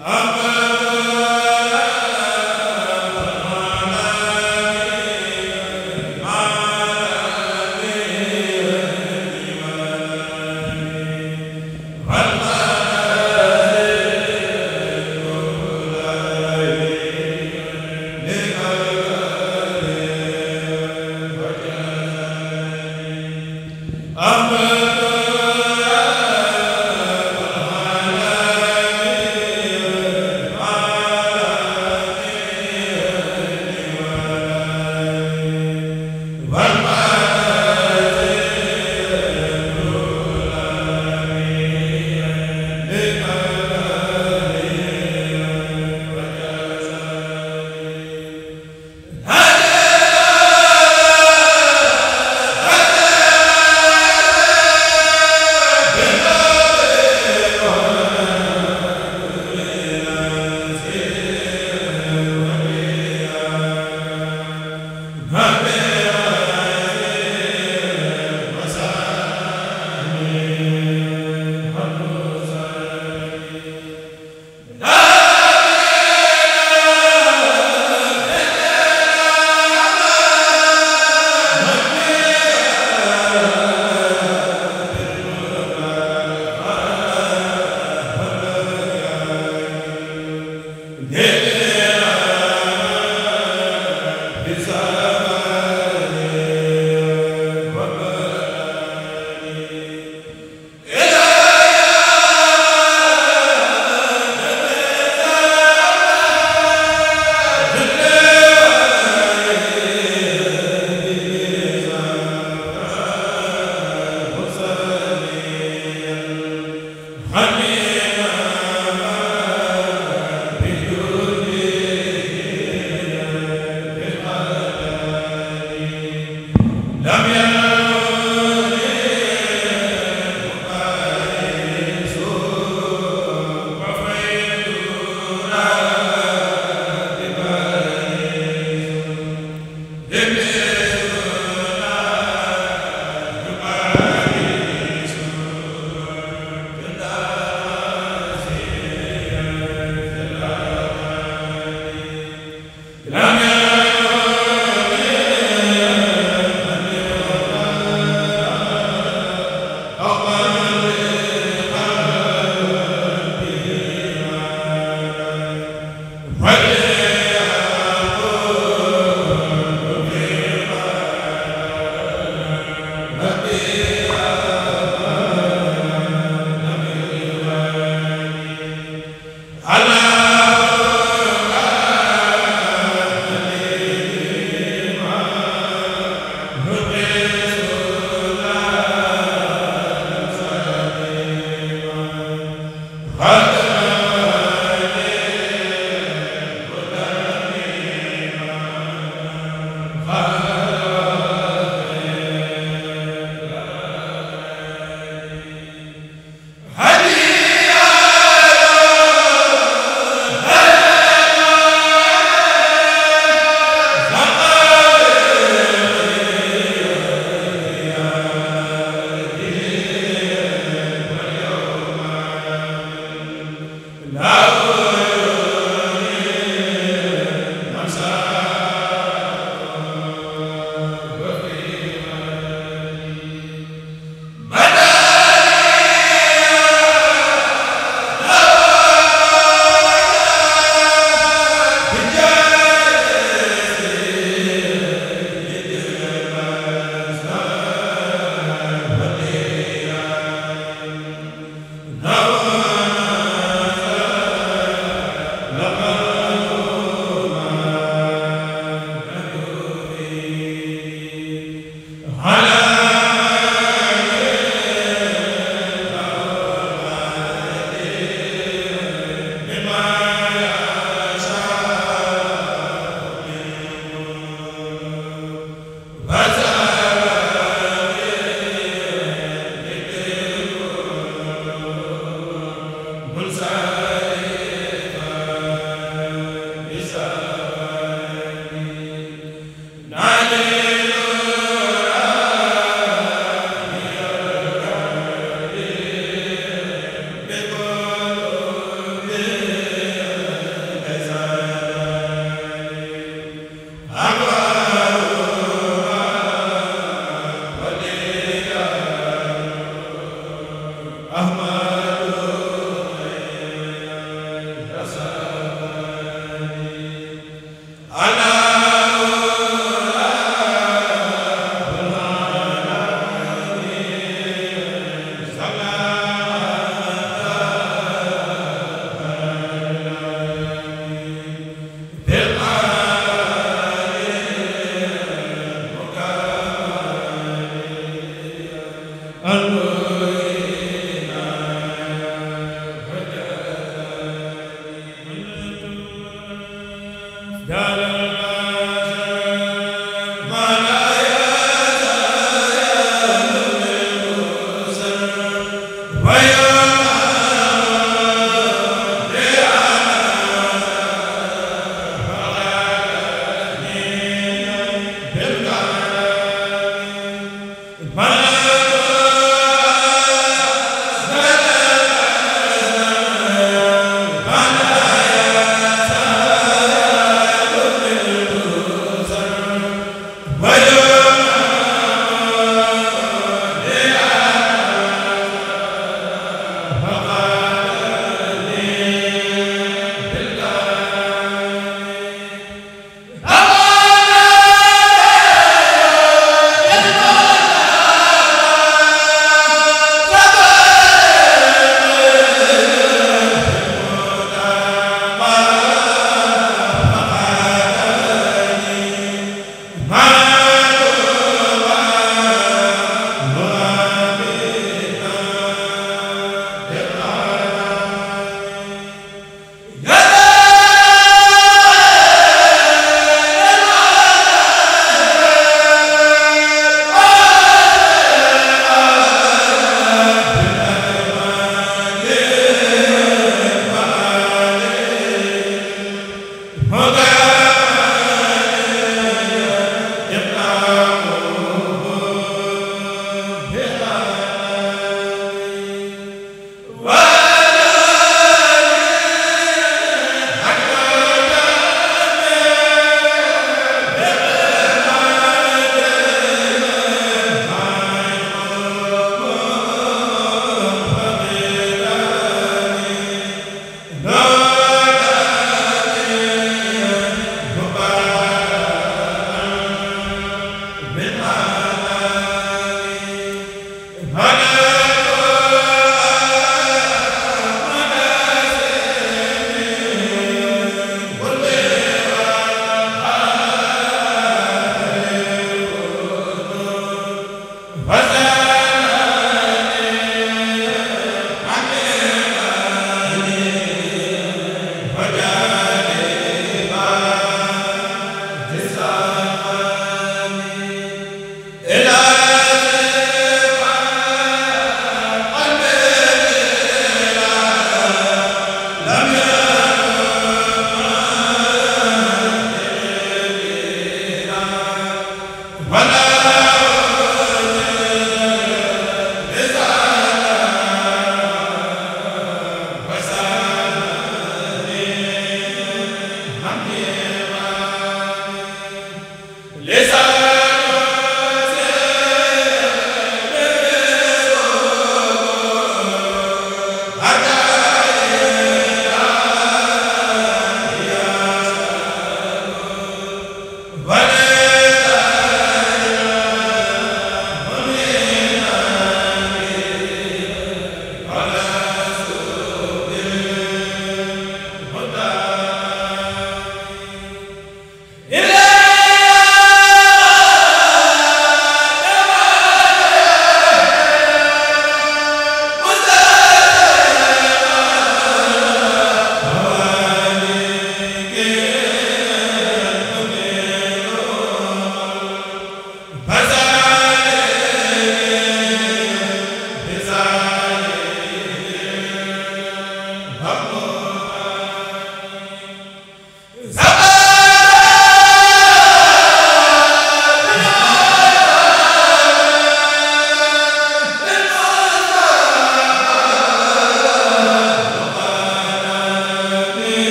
Amen Amen. al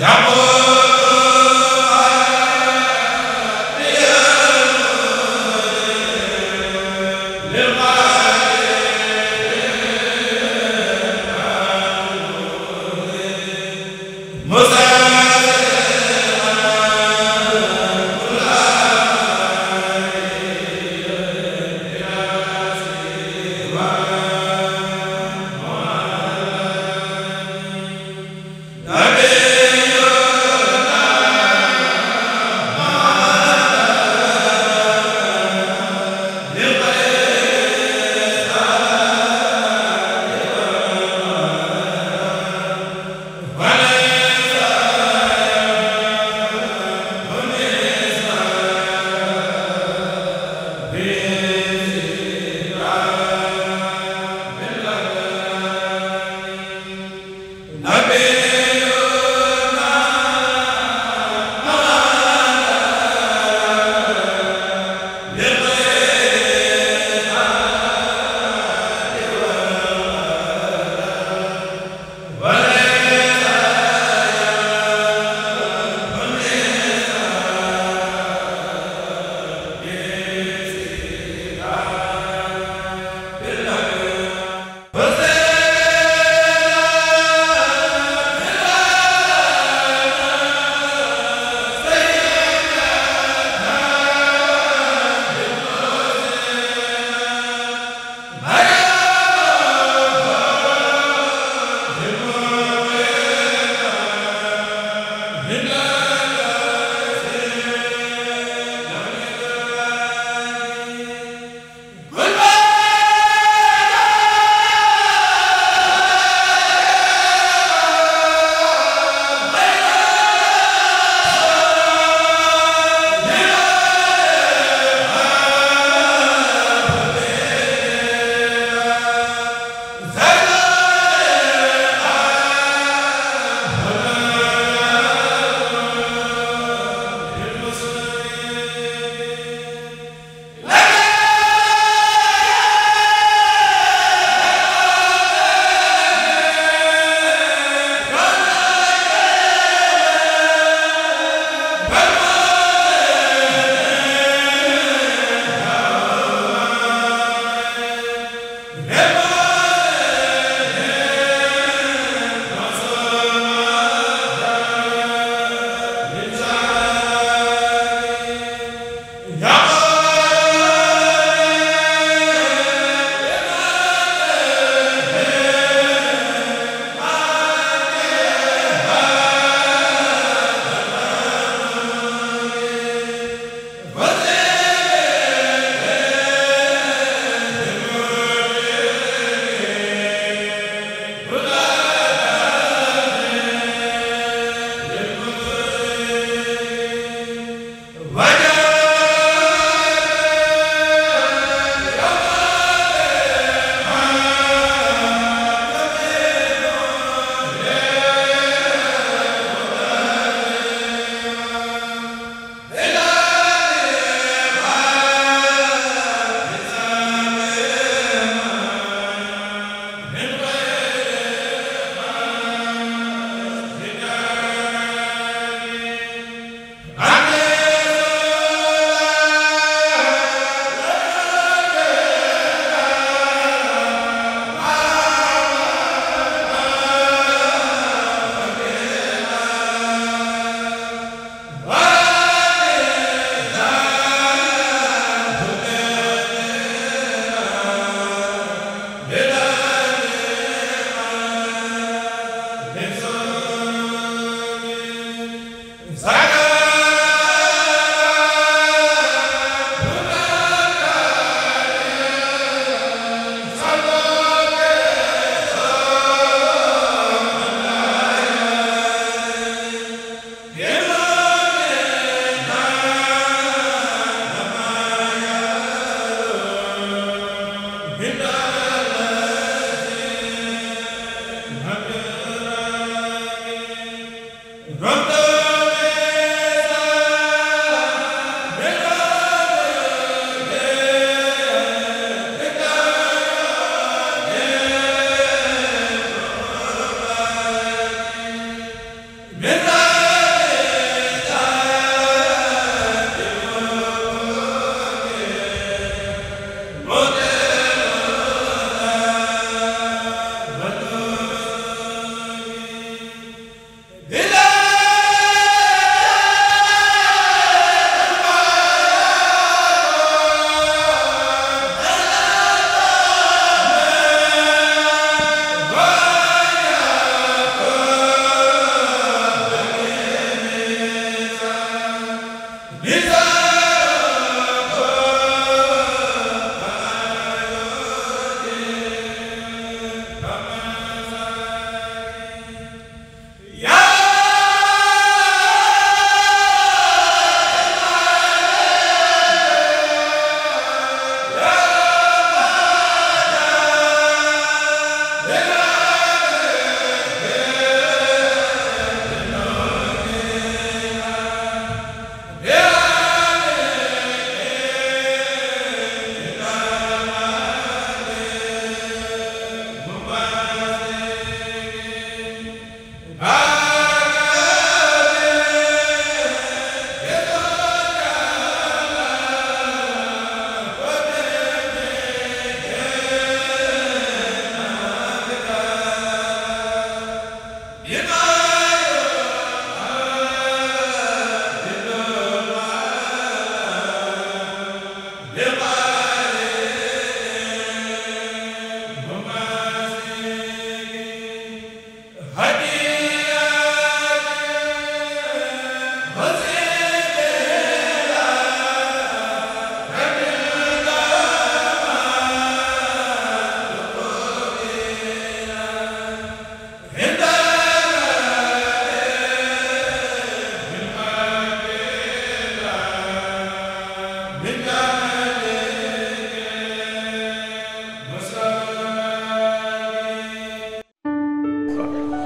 yaa